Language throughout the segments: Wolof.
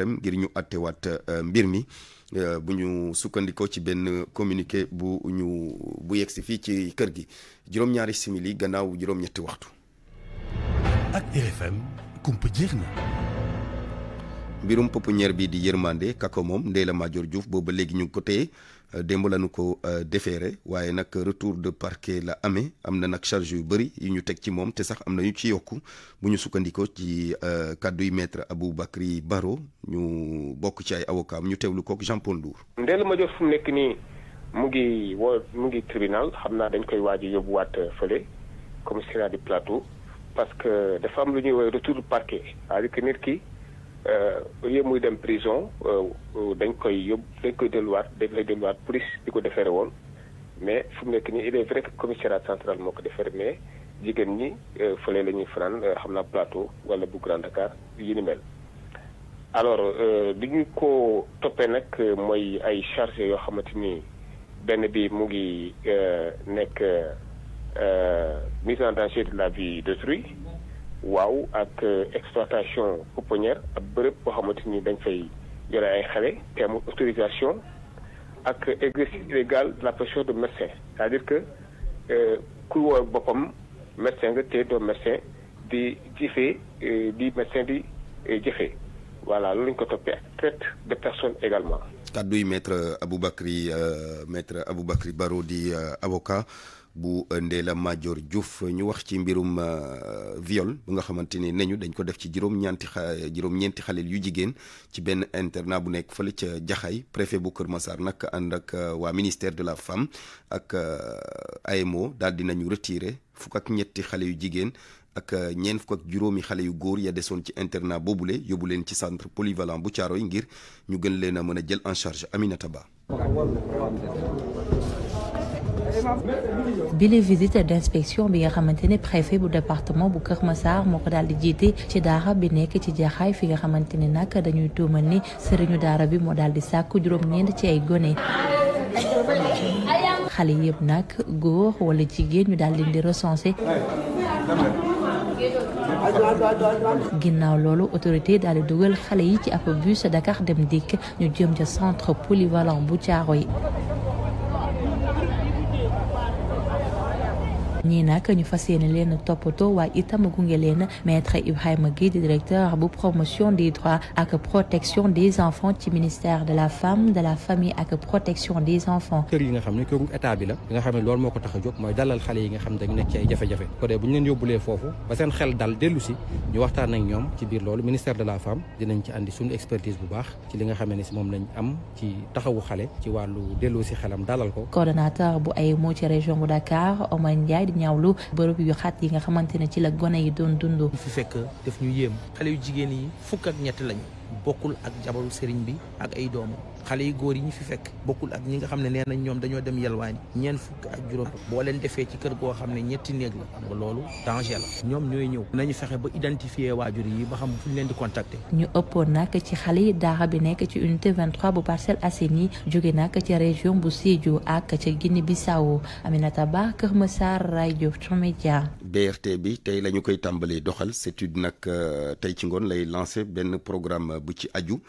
ngir ñu attewaat euh, mbir mi euh, bu ñu sukkandikoo ci benn communiqué bu ñu bu yegsi fii ci kër gi juróom-ñaari simili gannaaw juróom-ñetti waxtu. ak mbirum pouponnière bi di yërmande kako moom Ndella Madior Diouf booba léegi ñu ngi ko téye euh, démb lañu ko euh, déféré waaye nag retour de parquet la amee am na nag charge yu bëri yu ñu teg ci moom te sax am na ñu ci yokk bu ñu sukkandikoo ci euh, kàdduy maître Aboubacry Baro ñu bokk ci ay avocats ñu teewlu kook Jean Paul Ndour. Ndella Madior fu mu nekk nii mu ngi woo mu ngi tribunal xam naa dañ koy waaj a yóbbuwaat fële commissariat du plateau parce que dafa am lu ñuy woowee retour de parquet ki. Euh, au lieu muy dem prison euh, euh, dañ koy yóbbu dañ koy delluwaat dañ lay delluwaat police di ko defere woon mais fu mu nekk nii il est vrai que commissariat central moo ko defere mais jigéen ñi fële la ñuy fanaan xam naa plateau wala bu Grand Dakar yi ni mel. alors li ñu ko toppee nag mooy ay chargé yoo xamante ni benn bi mu ngi nekk mise en danger de la vie d'autrui waaw ak euh, exploitation pouponnière ab bërëb boo xamante ni dañ fay yore ay xale te autorisation ak exercice illégal de la profession de médecin c'est-à-dire que euh, ku boppam médecin nga te doo médecin di jëfee euh, di médecin di jëfe voilà loolu lañ ko toppee ak traite de personne également. kàddu yi maître Aboubacry maître Aboubacry Baro di avocat. bu ndee la Madior Diouf ñu wax ci mbirum euh, viole bu nga xamante ne nañu dañ ko def ci juróom-ñeenti xale yu jigéen ci benn internat bu nekk fële ca Jaxaay préfet bu Kër Massar nag ànd ak euh, waa ministère de la femme ak euh, AMO daal di nañu retiré fukk ak ñetti xale yu jigéen ak ñeent fukk ak juróomi xale yu góor ya desoon ci internat boobule yóbbu leen ci centre polyvalent bu yi ngir ñu gën leen a mën a jël en charge Aminata Ba. bi la visite bi nga xamante ne préfet bu département bu Kër Massar moo ko daal di jiite ci daara bi nekk ci jaxaay fi nga xamante ne nag dañuy tuumal ni sëriñu daara bi moo daal di sàkku juróom-ñeent ci ay gone. xale yëpp nag góor wala jigéen ñu daal leen di recensé. ginnaaw loolu autorité dal di dugal xale yi ci ab bus Dakar dem dikk ñu jëm ca centre polyvalent bu caaro yi. ñii nag ñu fas yéene leen toppatoo waaye itam gunge leen maître Ibrahima Guèye di directeur bu promotion des droits ak protection des enfants ci ministère de la femme de la famille ak protection des enfants. kër yi nga xam ne këru état bi la nga xam ne loolu moo ko tax a jóg mooy dalal xale yi nga xam dañu nekk ci ay jafe-jafe ko bu ñu leen yóbbulee foofu ba seen xel dal dellu ñu waxtaan ak ñoom ci biir loolu ministère de la femme dinañ ci andi suñu di ñaawlu bërëb yu xat yi nga xamante ne ci la gone yi doon dund. fi fekk def ñu yéem xale yu jigéen yi fukk ak ñett lañu bokkul ak jabaru sëriñ bi ak ay doomam xale yu góor yi ñu fi fekk bokkul ak ñi nga xam ne nee nañ ñoom dañoo dem yelwaani ñeen fukk ak juróom boo leen defee ci kër goo xam ne ñetti néeg la loolu danger ñoom ñooy ñëw nañu fexe ba identifier waajur yi ba xam fu ñu leen di contacter. ñu ëppoon nag ci xale yi daara bi nekk ci unité 23 bu Parcelles Assainies jóge nag ci région bu Sédhiou ak ca Guinée Bissau Aminata Ba Kër Massar rajo Futurs Médias. BRT bi tey la ñu koy tàmbalee doxal CETUD nag euh, tey ci ngoon lay lancé benn programme bu ci aju.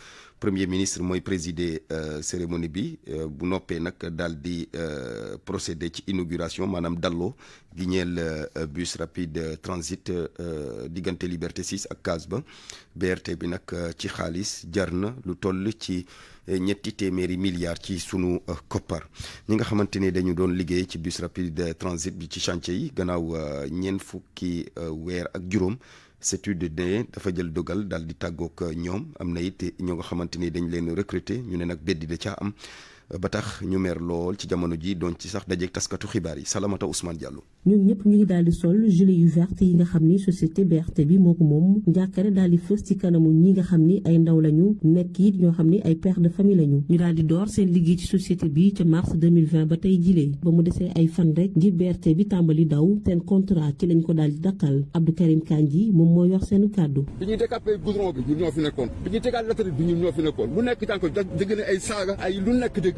premier ministre mooy présider euh, cérémonie bi euh, bu noppee nag daal di euh, procéder ci inauguration maanaam dalloo gi ñeel bus rapide transit diggante Liberté 6 ak Case ba BRT bi nag ci xaalis jar na lu toll ci ñetti téeméeri milliards ci sunu koppar ñi nga xamante ni dañu doon liggéey ci bus rapide transit bi ci chantier yi gannaaw ñeent fukki weer ak juróom. CETUD dafa jël dogal daal di tàggoog euh, ñoom am na it ñoo nga xamante ni dañ leen recruter ñu ne nag beddi da caa am. ba tax ñu mer lool ci jamono ji doon ci sax dajeeg taskatu xibaar yi Salamata Ousmane Diallo. ñun ñëpp ñu ngi daal di sol gilet yu vert yi nga xam ni société BRT bi moo ko moom njàkkare daal di fës ci kanamu ñi nga xam ni ay ndaw lañu nekk it ñoo xam ni ay père famille lañu. ñu daal door seen liggéey ci société bi ca mars ba tey jilee ba mu desee ay fan rek ji BRT bi tàmbali daw seen contrat ci lañ ko daal dakkal Abdou Karim Kandji moom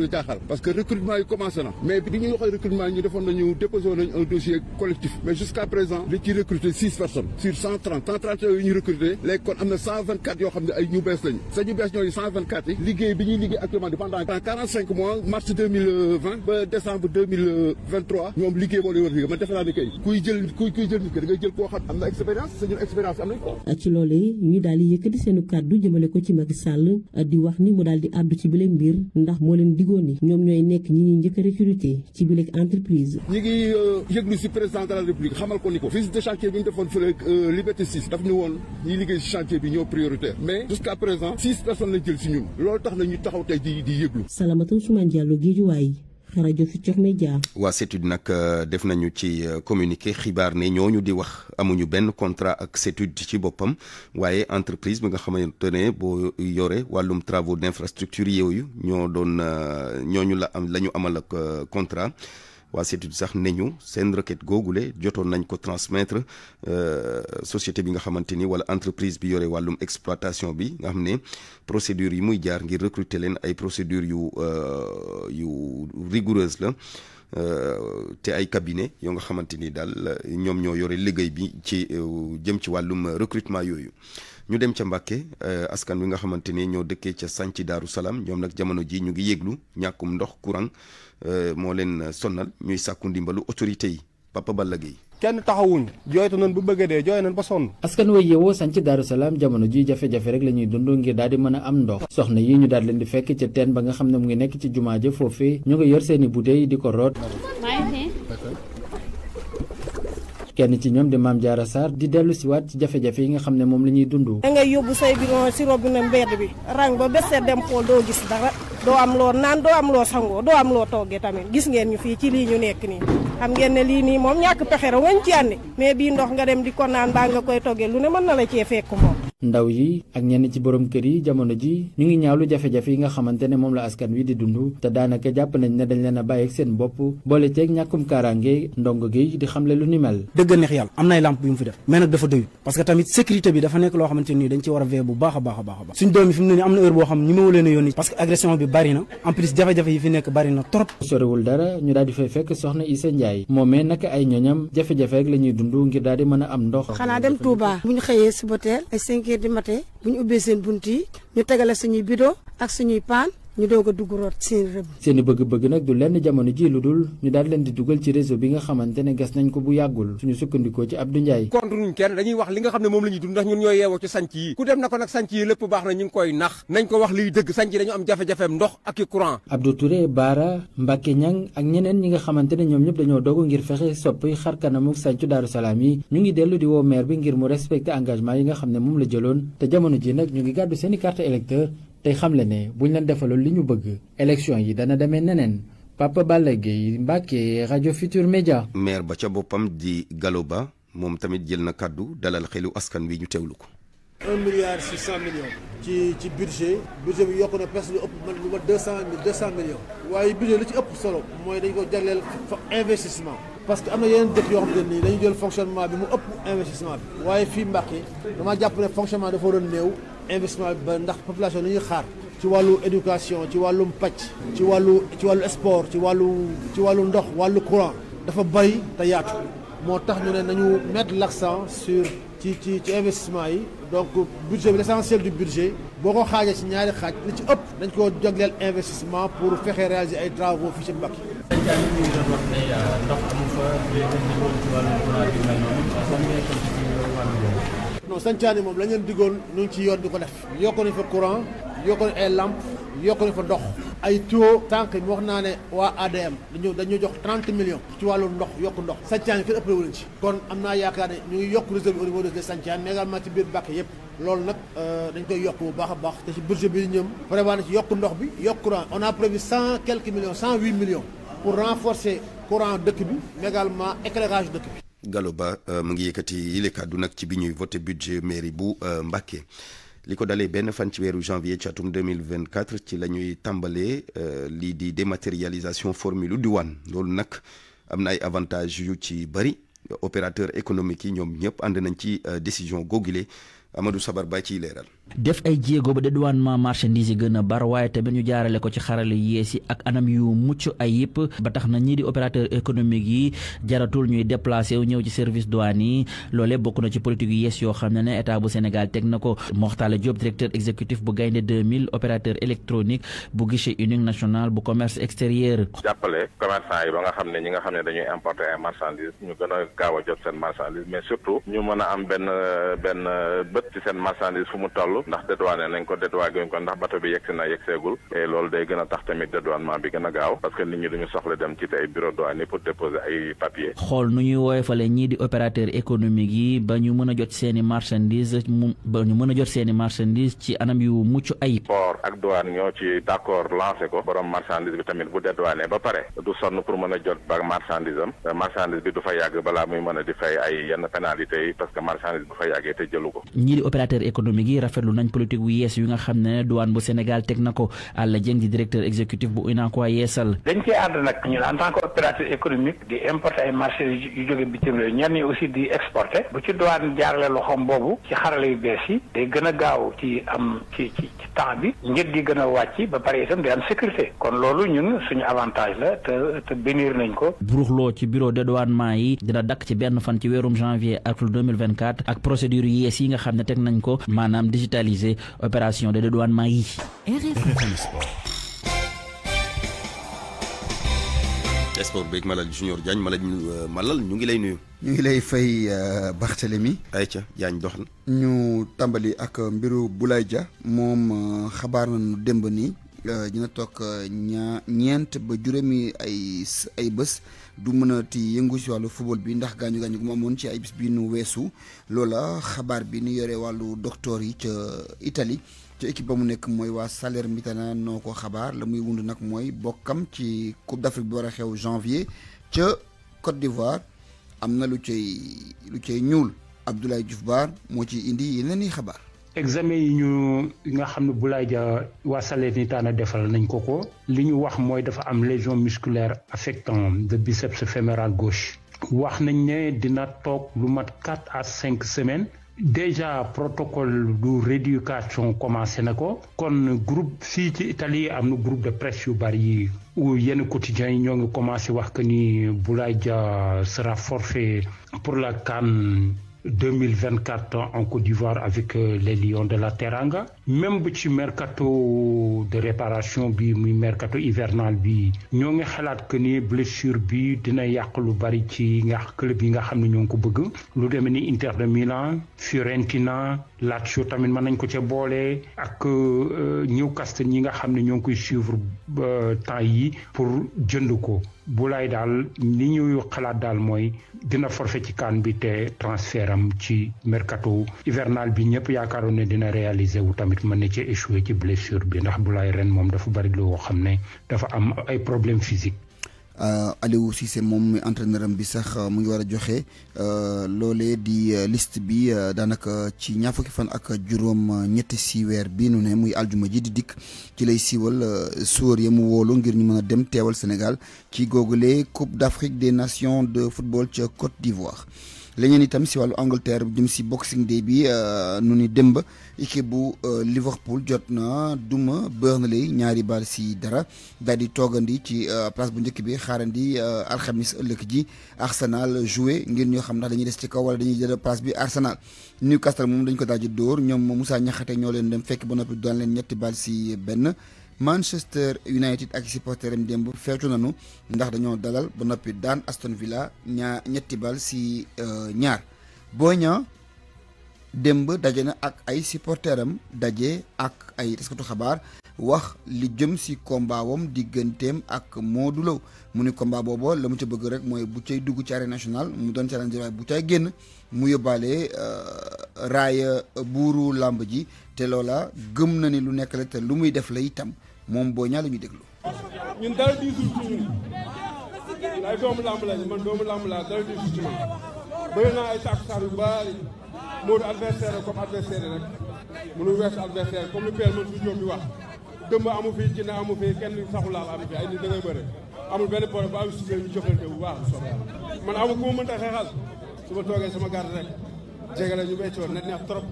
ñu parce que recrutement yi commencé na mais bi ñuy waxee recrutement ñu defoon nañu déposé nañu un collectif mais jusqu'à présent li ci recruté six personnes sur cent trente cent trente yooyu ñu recruté léegi kon am na cent vingt quatre yoo xam ne ay ñu bees lañu sa bees ñooyu cent vingt quatre yi liggéey bi ñuy liggéey actuellement pendant quarante kay kuy jël kuy kuy jël nit ki da jël koo xam am na expérience sa expérience am nañ ko ci ñu daal góor ñoom ñooy nekk ñi ñuy njëkk a recruter ci biir entreprise. ñi ngi euh, yëglu si président de la république xamal ko ni ko visite de bi ñu defoon fële euh, Liberté 6 ñu woon ñiy liggéey si chantier bi ñoo prioritaire mais jusqu'à présent six personnes jël si ñun loolu tax na taxaw tey di di yëglu. Salamata Ousmane Diallo Guédiawaye rajo Futurs Médias. waa CETUD nag euh, def nañu ci euh, communiqué xibaar ne ñooñu di wax amuñu benn contrat ak CETUD ci boppam waaye entreprise bi nga xamante ne boo yore wàllum travaux d' yooyu ñoo doon euh, ñooñu la am la ñu amal ak contrat. waa CETUD sax ne ñu seen requête googule jotoon nañ ko transmettre euh, société bi nga xamante ni wala entreprise bi yore wàllum exploitation bi nga xam ne procédure yi muy jaar ngir recruter leen ay procédure yu euh, yu rigoureuse la euh, te ay cabinet yoo nga xamante ni daal ñoom ñoo yore liggéey bi ci jëm ci wàllum recrutement yooyu ñu dem ca Mbàkke askan wi nga xamante ni ñoo dëkkee ca sànci Daaru Salaam ñoom nag jamono ji ñu ngi yéeglu ñàkkum ndox courant Euh, moo leen euh, sonnal ñuy sàkku ndimbalu autorité yi Papa Balla Gueye kenn taxawuñ jooytu nañ bu bëgg dee jooy nañ ba sonn askan wa yeewoo sanc daaru salaam jamono ji jafe-jafe rek la ñuy dund ngir di mën a am ndox soxna yi ñu daal leen di fekk ca teen ba nga xam ne mu ngi nekk ci jumaa ja foofee ñu ngi yor seeni bouteille di ko root kenn ci ñoom di Maam Jaara Sarr di dellu si waat ci jafe-jafe yi nga xam ne moom la ñuy dund da yóbbu say bidon si robinet mbedd bi rang ba bés dem xool doo gis dara doo am loo naan doo am loo sangoo doo am loo toggee tamit gis ngeen ñu fii ci lii ñu nekk nii xam ngeen ne lii nii moom ñàkk pexe ra wañ ci àndi mais bii ndox nga dem di ko naan baa nga koy toggee lu ne man na la cee ndaw yi ak ñenn ci borom kër yi jamono ji ñu ngi ñaawlu jafe-jafe yi nga xamante ne moom la askan wi di dund te daanaka jàpp nañ ne dañ leen a bàyyi ak seen bopp boole ceeg ñàkkum kaaraange ndongo gi di a veiller bu baax a baax a baax a baax suñ doom yi fi mu ne nii am na heure boo xam ñi mawuleen a yónni parce que agression bi bari na jafe-jafe yi fi nekk bari trop sorewul dara ñu daal di fay fekk soxna Issa Ndiaye moomee naka ay ñoñam jafe-jafe rek la ñuy dund ngir daal di mën a am ndox fajar di matee bu ñu ubbee seen bunt yi ñu tegale suñuy bidon ak suñuy paan ñu doog a seen seeni bëgg-bëgg nag du lenn jamono ji lu dul ñu daal leen di dugal ci réseau bi nga xamante ne ges nañ ko bu yàggul suñu sukkandikoo ci Abdou Ndiaye. contre ñu kenn dañuy wax li nga xam ne moom la ñuy dund ndax ñun ñooy yeewoo ci sanc yi ku dem na ko nag sanc yi lépp baax na ñu ngi koy nax nañ ko wax liy dëgg sanc yi dañu am jafe-jafeem ndox ak i courant. Abdou Touré Baara Mbacke ñan ak ñeneen ñi nga xamante ne ñoom ñëpp dañoo dogu ngir fexe sopp xar kanamu sancu Daaru Salaam yi ñu ngi dellu di woo maire bi ngir mu respecté engagement yi nga xam ne moom la jëloon te jamono ji nag ñu ngi gàddu seeni carte électeur tey xamle ne bu ñu leen defaloon li ñu bëgg élection yi dana demee neneen Papa Balla Gueye Mbacke rajo Futur Média. maire ba ca boppam di Gallo Ba moom tamit jël na kàddu dalal xelu askan wi ñu teewlu ko. un milliard ci ci budget budget bi yokk na presque lu ëpp man lu ma deux waaye budget lu ci ëpp solo. mooy dañ ko jagleel fa investissement. parce que am na yeneen dëkk yoo xamante nii dañu jël fonctionnement bi mu ëpp investissement waaye fii Mbacke dama jàpp ne fonctionnement dafa waroon néew. bi ba ndax population li ñuy xaar ci wàllu éducation ci wàllum pàcc ci wàllu ci wàllu sport ci wàllu ci wàllu ndox wàllu courant dafa bari te yaatu moo tax ñu ne nañu mettre l'accent sur ci ci ci yi donc budget bi l'essentiel du budget boo ko xaajee ci ñaari xaaj li ci ëpp dañ ko jagleel investissement pour fexe réaliser ay travaux fii ci Mbacké. sancaani moom la ñu leen diggoon ñu ngi ci yoon di ko def yokk nañ fa courant yokk nañ ay lamp yokk nañ fa ndox ay tuyaux tànk yi wax naa ne waa ADM dañu dañu jox 30 millions ci wàllu ndox yokk ndox sancaani kenn ëppale kon am naa yaakaar ne ñu ngi yokk réserve au niveau des sancaani mais également ci biir Mbacké yëpp loolu nag euh, dañ koy yokk bu baax a baax te ci budget bi ñoom prévoir na ci yokk ndox bi yokk courant on a prévu cent quelques millions cent huit millions pour renforcer courant dëkk bi mégalement également éclairage dëkk bi galo Ba euh, mu ngi yëkkati yile kàddu nag ci bi ñuy voté budget mairie bu euh, Mbacké li ko dalee benn fan ci weeru janvier ci atum 2024 ci la ñuy tàmbalee euh, lii di dématérialisation formule diwaan loolu nag am na ay avantages yu ci bëri opérateur économique yi ñoom ñëpp ànd nañ ci décision googule Amadou Sabar ba ciy leeral. def ay jéego ba dédouanement marchandise yi gën a bar waaye tamit ñu jaarale ko ci xarala yees yi ak anam yu mucc ayib ba tax na ñii di opérateur économique yi jaratul ñuy déplacé wu ñëw ci service douane yi loolee bokk na ci politique yu yees yoo xam ne ne état bu Sénégal teg na ko Moxtaale Diop directeur exécutif bu Gaynde 2000 opérateur électronique bu guichet unique national bu commerce extérieur. jàppale commerçant yi ba nga xam ne ñi nga xam ne dañuy importer am benn bët ci seen marchandise fu mu toll ndax dédouané nañ ko dédouané ko ndax bato bi yegsi na yegseegul et loolu day gën a tax tamit dédouanement bi gën gaaw parce que nit ñi duñu soxla dem ci ay bureau douane pour déposer ay papier xool nu ñuy woyofale ñii di opérateur économique yi ba ñu mën a jot seen i marchandise mu ba ñu mën a jot seen i marchandise ci anam yu mucc ay port ak douane ñoo ci d'accord lancé ko borom marchandise bi tamit bu dédouané ba pare du sonn pour mën a jot ba marchandise am du fa yàgg balaa muy mën a fay ay yenn pénalités yi parce que marchandise bu fa yàggee te ko ñii di opérateur économique yi rafetlu nañ politique wu yees aussi di exporter bu ci douane jaarale loxoom boobu ci xarala yu bees yi day gën a gaaw ci am ci temps bi njëg di gën a wàcc ba pare itam day am sécurité kon loolu ñun suñu avantage la te te bénir nañ ko. buruxloo ci bureau de douanement yi dina dakk ci benn fan ci weerum janvier ak 2024 yees yi nga xam ne teg nañ ko maanaam digitaliser opération de dédouanement yi. sport beeg Malal Junior Diagne Malal euh, Malal ñu ngi lay nuyu. ñu ngi lay fay euh, Barthélemy. ayca Diagne doxal. ñu tàmbali ak mbiru Boulaye ja moom euh, xabaar nañu démb nii. Euh, dina toog euh, ñaa ñeent ba juróomi ay ay bés du mën ti yëngu si wàllu football bi ndax gaañu gaañu gu mu amoon ci ay bis bi nu weesu loola xabaar bi nu yore wàllu docteur yi ca Italie ci équipe ba mu nekk mooy waa Salernitana noo ko xabaar la muy wund nag mooy bokkam ci Coupe d'Afrique bi war a xew janvier ca Côte d'Ivoire am na lu ci lu cay ñuul Abdoulaye Diouf Baar moo ci indi yeneen i xabaar. examen yi ñu nga xam ne Boulaye Dia waa na defal nañ ko ko li ñu wax mooy dafa am lésion musculaire affectant le biceps fémoral gauche. wax nañ ne dina toog lu mat quatre à cinq semaines. déjà protocole du rééducation commencé na ko kon groupe fii ci Italie am na groupe de presse yu bari yi yenn quotidiens yi ñoo ngi commencé wax que ni Boulaye Dia sera forfait pour la CAN 2024 en Côte d'Ivoire avec euh, les Lions de la Teranga même bu ci mercato de réparation bi muy mercato hivernal bi ñoo ngi xalaat que ni blessure bi dina yàq lu bari ci nga club yi nga xam ne ñoo ngi ko bëgg lu deme ni Inter de Milan Fiorentina Lat tamit mën nañ ko ca boole ak ñëw euh, Newcastle ñi nga xam ne ñoo ngi koy suivre euh, temps yi pour jënd ko Boulaye daal li ñuy xalaat daal mooy dina forfait ci kaan bi te transfert am ci mercato hivernal bi ñëpp yaakaaroon ne dina réaliser wu tamit mën na ci échoué ci blessure bi ndax bulaay ren moom dafa bari woo xam ne dafa am ay problème physique Euh, Aliou Cissé moom mi entraîneur am bi sax euh, mu ngi war a joxe euh, loole di liste bi daanaka ci ñaar fan ak juróom ñetti si weer bii nu ne muy aljuma ji di dikk ci lay siiwal suwar ya mu woolu ngir ñu mën a dem teewal Sénégal ci googule Coupe d'Afrique des Nations de football ca Côte d'Ivoire leneen itam si wàllu Angleterre jëm si boxing day bi euh, nu ni démb équipe bu euh, Liverpool jot na duma Burnley ñaari bal si dara daal di toogandi ci euh, place bu njëkk bi xaarandi alxamis ëllëg ji Arsenal joué ngir ñoo xam ndax dañuy des ci kaw wala dañuy jël place bi Arsenal. Newcastle moom dañ ko daal di dóor ñoom Moussa Niakhaté ñoo leen dem fekk ba noppi daan leen ñetti bal si benn. Manchester United ak supporteram démb feetu nañu ndax dañoo dalal ba noppi daan Aston Villa ñaar ñetti bal si euh, ñaar Boy Niang démb daje na ak ay supporteram daje ak ay taskatu xabaar wax li jëm si combat wam digganteem ak Modou Lo mu ni combat boobu la mu ca bëgg rek mooy bu cay dugg ci arène nationale mu doon challenge waaye bu cay génn mu yóbbaale euh, raaya buuru làmb ji te loola gëm na ni lu nekk te lu muy def la itam moom boo Niang la ñuy déglu. ñun dara diisul ci ñun ay doomu lamb lañ man doomu lamb dara diisul ci man bëri naa ay takkusaan yu bari Modou adversaire comme adversaire rek mënu wees adversaire comme lu Père Mansour Diop bi wax dëmb amu fi jinne amu fi kenn saxulaal amu fi ay nit da ngay bëre amul benn problème ba am suufee ñu bu baax bu soobee man amul ku ma mënta xeexal su toogee sama garde rek jege la ñu béy ci woon na neex trop.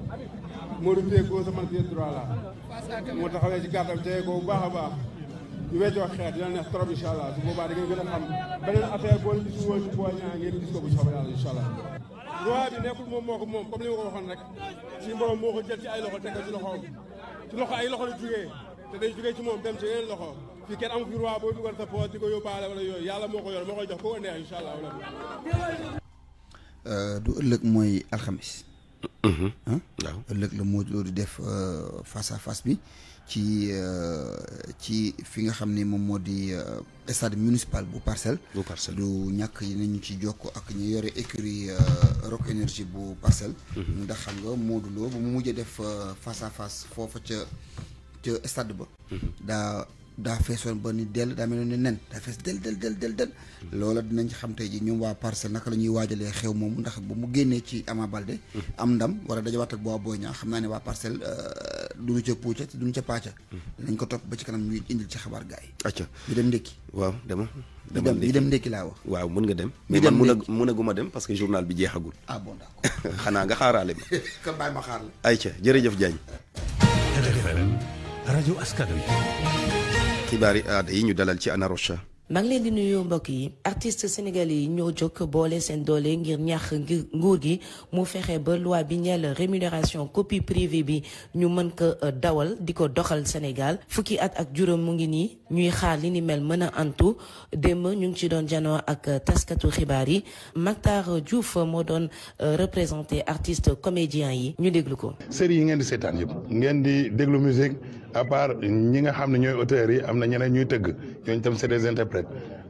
moo doon téye gauche man téye droit la moo taxawee ci gàttal téye ko bu baax a baax ñu weccoo xeet dina neex trop incha allah a xam beneen affaire ko bu soobee yàlla incha allah moom moo ko moom comme li ma ko rek suñu moo ko jël ci ay loxo teg ko ci loxo ay loxo la jugee te ci moom dem ci yeneen loxo fii kenn amu fi roi di ko yóbbaale wala yooyu yàlla moo ko yor moo koy jox ko ko neex incha euh, du ëllëg mooy alxamis waaw mm-hmm. ëllëg la moo di def euh, face à face bi ci euh, ci fi nga xam ni moom moo di euh, stade municipal bu parcelle. bu parcelle du ñàkk yi nañu ci jokk ak ñu yore écurie rock énergie bu parcelle. Mm-hmm. ndax xam nga Modou Lo bu mu mujjee def face à face foofa ca ca stade ba. Mm-hmm. daa feesoon ba ni dell daa mel ni nen daa fees del del del loola dinañ xam tey ji ñoom waa parcelle naka la ñuy waajalee xew moom ndax ba mu génnee ci Ama Baldé am ndam war a dajawaat ak boo booy ñaa xam naa ne waa parcelle euh, duñu ca puuca te duñu ca paaca dinañ ko topp ba ci kanam ñuy indil ci xabaar gaay acca ñu dem ndékki waaw dama dem ñu dem ndékki laa wax waaw mën nga dem mais man mun a mun aguma dem parce que journal bi jeexagul ah bon xanaa nga xaaraale ma kon bàyyi ma xaar la ayca jërëjëf Diagne rajo askan wi xibaari aada yi ñu dalal ci Ana Rocha maa leen di nuyu mbokk yi artiste sénégal yi ñoo jóg boole seen doole ngir ñax ngir nguur gi mu fexe ba loi bi ñeel rémunération copie privée bi ñu mën ko euh, dawal di ko doxal Sénégal fukki at ak juróom mu ngi nii ñuy xaar li ni mel mën a antu démb ñu ngi ci doon janoo ak taskatu xibaar yi Mactar Diouf moo doon euh, représenté artiste comédien yi ñu déglu ko. série yi ngeen di seetaan yëpp ngeen di déglu musique à part ñi nga xam ne ñooy auteurs yi am na ñeneen ñuy tëgg ñooñu tam c'est interprètes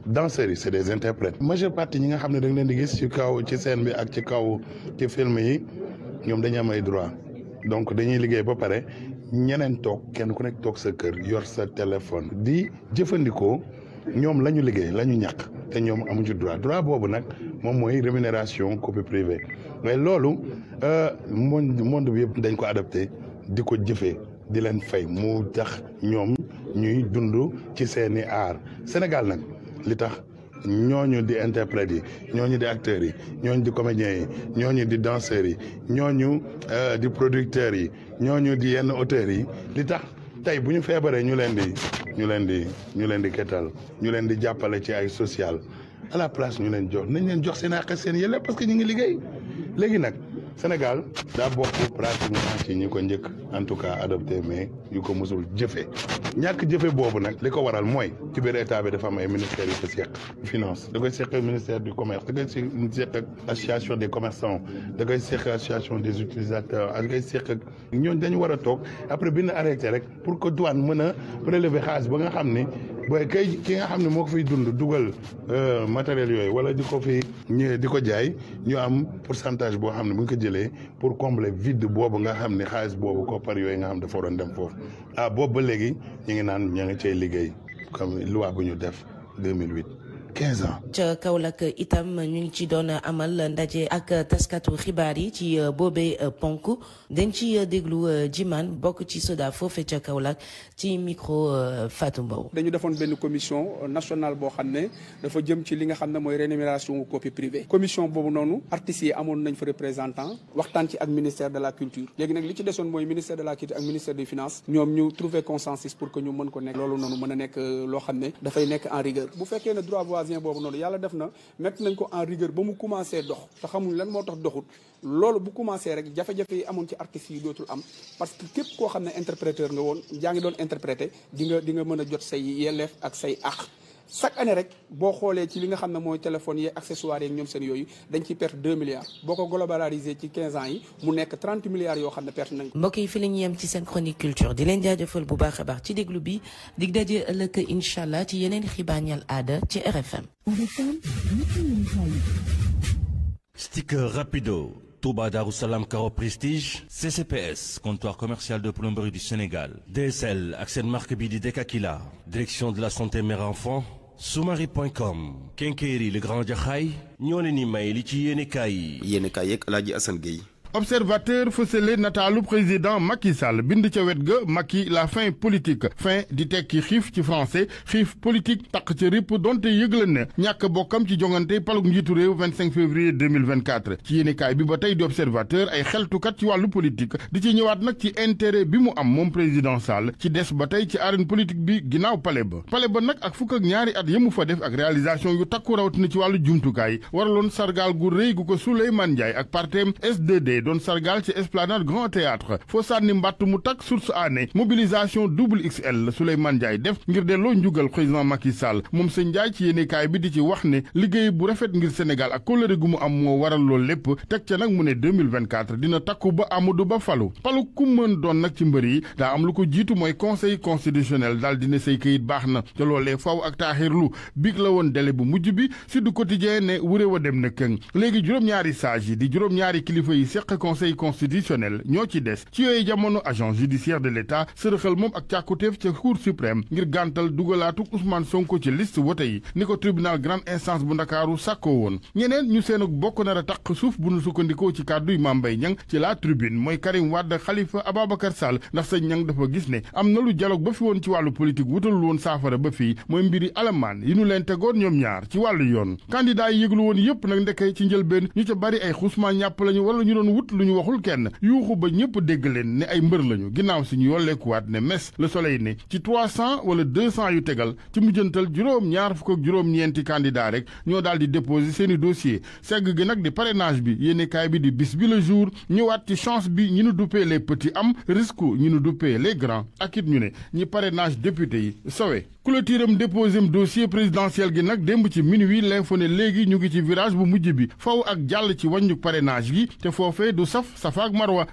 danseurs yi c'est des interprètes majeure partie ñi nga xam ne da nga leen di gis ci seen ci bi ak ci kaw ci film yi ñoom dañu am ay droit donc dañuy liggéey ba pare ñeneen toog kenn ku nekk toog sa kër yor sa téléphone di jëfandikoo ñoom la ñu liggéey la ñu ñàkk te ñoom amuñu droit droit boobu nag moom mooy rémunération copie privée mais loolu euh, monde monde bi yëpp dañ ko adapté di ko jëfee di leen fay mu tax ñoom ñuy dund ci seeni aar Sénégal nag li tax ñooñu di interprètes yi ñooñu di acteurs yi ñooñu di comédiens yi ñooñu di danseurs yi ñooñu euh, di producteurs yi ñooñu di yenn auteurs yi li tax tey bu ñu feebaree ñu leen di ñu leen di ñu leen di kettal ñu leen di jàppale ci ay social à la place ñu leen jox nañ leen jox seen àq seen yële parce que ñu ngi liggéey léegi nag. Sénégal daa bokk pratiquement ci ñi ko njëkk en tout cas adopté mais yu ko mosul jëfe ñàkk jëfe boobu nag li ko waral mooy ci biir état bi dafa am ay ministères yu ko seq finance da koy seq ak ministère du commerce da koy seq ak association des commerçants da koy seq association des utilisateurs da koy seq ak ñooñu dañu war a toog après bi ñu arrêté rek pour que douane mën a prélever xaalis ba nga xam ni booy kay ki nga xam ne moo ko fiy dund dugal euh, matériel yooyu wala di ko fi ñëwee di ko jaay ñu am pourcentage boo xam ne mu ngi ko jëlee pour combler vide boobu nga xam ne xaalis boobu koppar yooyu nga xam dafa waroon dem foofu ah boobu ba léegi ñu ngi naan ña nga cay liggéey comme loi bu ñu def 2008. 15 ans. ñu ngi ci doon amal ndaje ak taskatu xibaar yi ci euh, boobe euh, ponk dañ ci euh, déglu jimaan bokk ci soda foofe ca ci micro Fatou Mbow. dañu defoon benn commission nationale boo xam ne dafa jëm li nga xam ne mooy rémunération copie privée commission boobu noonu artistes yi amoon nañ fa représentant waxtaan ci ak ministère de la culture léegi nag li ci desoon mooy ministère de la culture ak ministère des finances ñoom ñu trouver consensus pour que ñu mën ko nekk loolu noonu mën a nekk loo xam ne dafay nekk en rigueur bu fekkee ne droit voisin troisième boobu noonu yàlla def na mettre nañ ko en rigueur ba mu commencé dox te xamuñ lan moo tax doxut loolu bu commencé rek jafe-jafe yi amoon ci artistes yi dootul am parce que képp koo xam ne interpréteur nga woon jaa ngi doon interprété di nga di mën a jot say yelleef ak say àq chaque année rek boo xoolee ci li nga xam ne mooy téléphones yi accessoires yeeg ñoom seen yooyu dañ ci perte boo ko globalisé ci 15 ans yi mu nekk 30 milliards yoo xam ne perte nañ ko. mbokk yi fi la ñuy yem ci seen chronique culture di leen jaajëfal déglu bi dig daje ëllëg incha allah ci yeneen xibaar ñal aada ci RFM. sticker rapido. Touba Darou Salam Caro Prestige CCPS comptoir commercial de plomberie du Sénégal DSL ak seen marque bi di Dekakila direction de la santé mère enfant sumari sumari.com. Kenkeyri le Grand Jaxaay ñoo leen ni may li ci yéenekaay yi. yéenekaay yeeg El Hadji Assane observateur fësale nataalu président Macky Sall bind ca wet ga Macky la fin politique fin di tekki xiif ci français xiif politique taq ci ripp donte yëgle ne ñàkk bokkam ci jongante palug njiitu réew 25 février 2024 ci yéenekaay bi ba tey di observateur ay xeltukat ci wàllu politique di ci ñëwaat nag ci intérêt bi mu am moom président Sall ci des ba tey ci arène politique bi ginnaaw pale ba pale ba nag ak fukk ak ñaari at yemu fa def ak réalisation yu takku rawatina ci wàllu jumtukaay waraloon sargaal gu rëy ko Souleymane Ndiaye ak partem s d loolee doon sargal ci esplanade grand théâtre foo sànni mbàtt mu takk source aané mobilisation double XL Souleymane Ndiaye def ngir delloo njugal président Macky Sall moom sëñ Ndiaye ci yéenekaay bi di ci wax ne liggéey bu rafet ngir Sénégal ak kóllëre gu mu am moo waral loolu lépp teg ca nag mu ne 2024 dina takku ba Amadou Ba falu palu ku doon nag ci mbër yi daa am lu ko jiitu mooy conseil constitutionnel daal ne say këyit baax na te loolee faw ak taaxirlu biig la woon délai bu mujj bi Sud Quotidien ne wa dem na léegi juróom-ñaari sages yi di juróom-ñaari kilifa yi ak conseil constitutionnel ñoo ci des ci yooyu jamono agent judiciaire de l'État sërëxal moom ak càkkutéef ca yi ni ko tribunal grande ñu seen bokk nar a bu nu sukkandikoo ci kàdduy Mambay Niang ci la mooy Karim Wade Khalifa Ababacar Sall ndax sëñ Niang dafa gis ne am na lu dialogue ba fi woon ci wàllu politique wutalul woon saafara ba fii mooy mbiri alamaan yi ñu leen tegoon ñoom ñaar ci wàllu yoon candidat yi yëglu woon yëpp nag ndeke ci njëlbeen ñu ca bari ay xusmaa ñàpp lañu wala ñu doon wut lu ñu waxul kenn yuuxu ba ñëpp dégg leen ne ay mbër lañu ginnaaw si ñu yolleekuwaat ne mes le soleil ne ci trois cent wala deux cent yu tegal ci mujjantal juróom ñaar fukk ak juróom-ñeenti candidat rek ñoo daal di déposer seen i dossier segg gi nag di parrainage bi yéenekaay bi di bis bi le jour ñëwaat ci chance bi ñu nu duppee les petits am risque ñu nu duppee les grands ak it ñu ne ñi parrainage député yi sowe clôturam déposé dossier présidentiel gi nag démb ci minuit l'info ne léegi ñu ngi ci virage bu mujj bi faw ak jàll yooye du saf safa ak marwa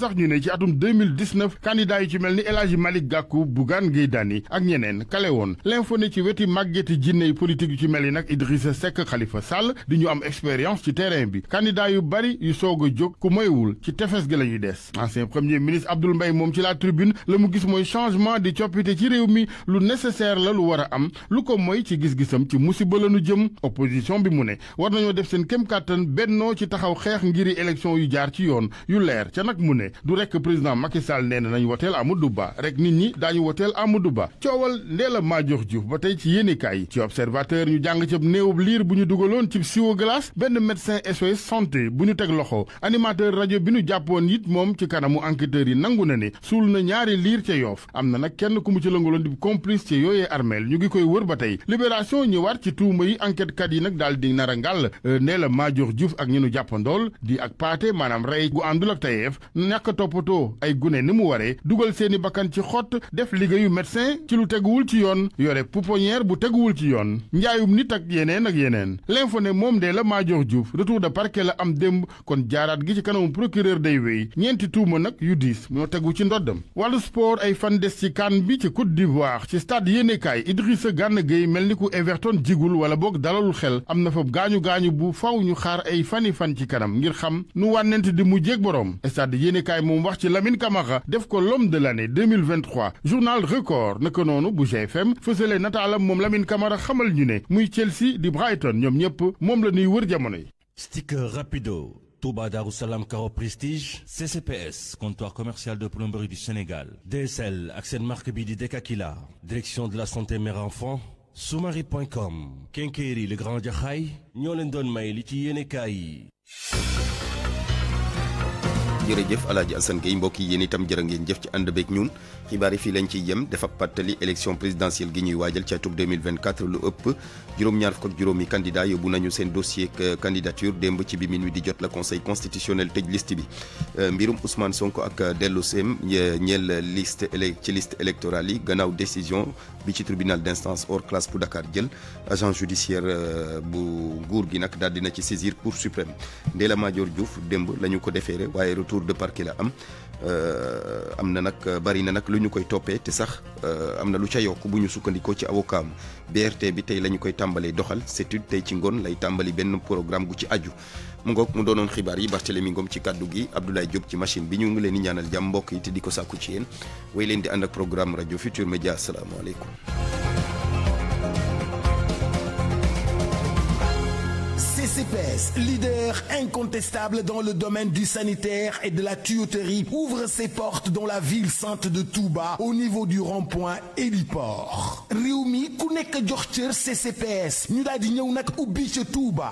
sax ñu ne ci atum 2019 candidat yi ci mel ni El Hadji Malick Gakou Bougane Gueye Dany ak ñeneen kale woon l'info ne ci weti màggeti jinne yi politique yu ci mel ni nag Idrissa Seck Khalifa Sall di ñu am expérience ci terrain bi candidat yu bari yu soog a jóg ku moywul ci tefes gi la ñuy des ancien premier ministre Abdoul mbay moom ci la tribune la mu gis mooy changement di coppite ci réew mi lu nécessaire la lu war a am lu ko mooy ci gis-gisam ci musiba la nu jëm opposition bi mu ne war nañoo def seen kéem kàttan bennoo ci taxaw xeex ngiri élection yu jaar ci yoon yu leer ca nag mu ne du rek président Macky Sall nee na nañu woteel du Ba rek nit ñi daañu woteel Amadou Ba coowal Ndella Madior Diouf ba tey ci yéenekaay yi ci observateur ñu jàng ca néewub liir bu ñu dugaloon ci siwo glace benn médecin SOS santé bu ñu teg loxo animateur rajo bi ñu jàppoon it moom ci kanamu enquêteurs yi nangu na ni suul na ñaari liir ca yoof am na na kenn ku mu ci lëngaloon di complice ci yooyee armeel ñu ngi koy wër ba tey libération ñëwaat ci tuuma yi enquête kat yi nag daal di nar a ngàll euh, Ndella Madior ak ñu nu jàppandool di ak paate maanaam rey gu àndul ak tayeef ñàkk toppatoo ay gune ni mu waree dugal seeni bakkan ci xott def liggéeyu médecin ci lu teguwul ci yoon yore pouponnière bu teguwul ci yoon njaayum nit ak yeneen ak yeneen l'info ne moom dee la Madior Diouf retour de parquet la am démb kon jaaraat gi ci kanamu procureur day wéy ñeenti tuuma nag yu diis ñoo tegu ci ndoddam wàllu sport ay fan des ci kan bi ci Côte d'Ivoire ci stade yéenekaay Idrissa Gana Gueye mel ni ku Everton jigul wala boog dalalul xel am na fa gaañu gaañu bu faw ñu xaar ay fani fan ci kanam ngir xam nu wànnent di mujjéeg boroom stade yéenekaay moom wax ci Lamine Camara def ko l'homme de l'année 2023 journal record naka noonu bu GFM fësale nataalam moom Lamine Camara xamal ñu ne muy Chelsea di Brighton ñoom ñépp moom la ñuy wër jamono yi sticker rapido Touba Darou Salam Caro Prestige CCPS comptoir commercial de plomberie du Sénégal DSL ak seen marque bi di Dekakila direction de la santé mère enfant soumari.com Kenkeri le grand jaxaay ñoo leen doon may ci yéenekaay jërëjëf Alaaji Assane Gueye mbokk yi yéen itam jërë ngeen jëf ci ànd beeg ñun xibaar yi fii lañ ciy yem dafa pàttali élection présidentielle gi ñuy waajal ca atub 2024 lu ëpp juróom-ñaar fukk ak juróomi candidat yóbbu nañu seen dossier euh, candidature démb ci bi minuit di jot la conseil constitutionnel tëj liste bi euh, mbirum Ousmane sonk ak euh, dellu seem ñeel liste ci liste électorale yi gannaaw décision bi ci tribunal d'instance hors classe bu Dakar jël agent judiciaire bu nguur gi nag daal dina ci saisir cour suprême Ndella Madior Diouf démb la ñu ko defeere waaye retour de parquet la am Euh, am na nag bari na nag lu ñu koy toppee te sax euh, am na lu ca yokk bu ñu sukkandikoo ci avocat mu BRT bi tey lañu koy tàmbalee doxal CETUD tey ci ngoon lay tàmbali benn programme gu ci aju mu ngoog mu doonoon xibaar yi Barthélémy Ngom ci kàddu gi Abdoulaye Diop ci machine bi ñu ngi leen di ñaanal jàmm mbokk yi te di ko sàkku ci yéen way leen di ànd ak programme rajo Futur Média asalaamaaleykum CEPES, leader incontestable dans le domaine du sanitaire et de la tuyauterie, ouvre ses portes dans la ville sainte de Touba au niveau du rond-point Héliport réew mi ku nekk jox cër CCPS ñu daal di ñëw nag ubbi ca Touba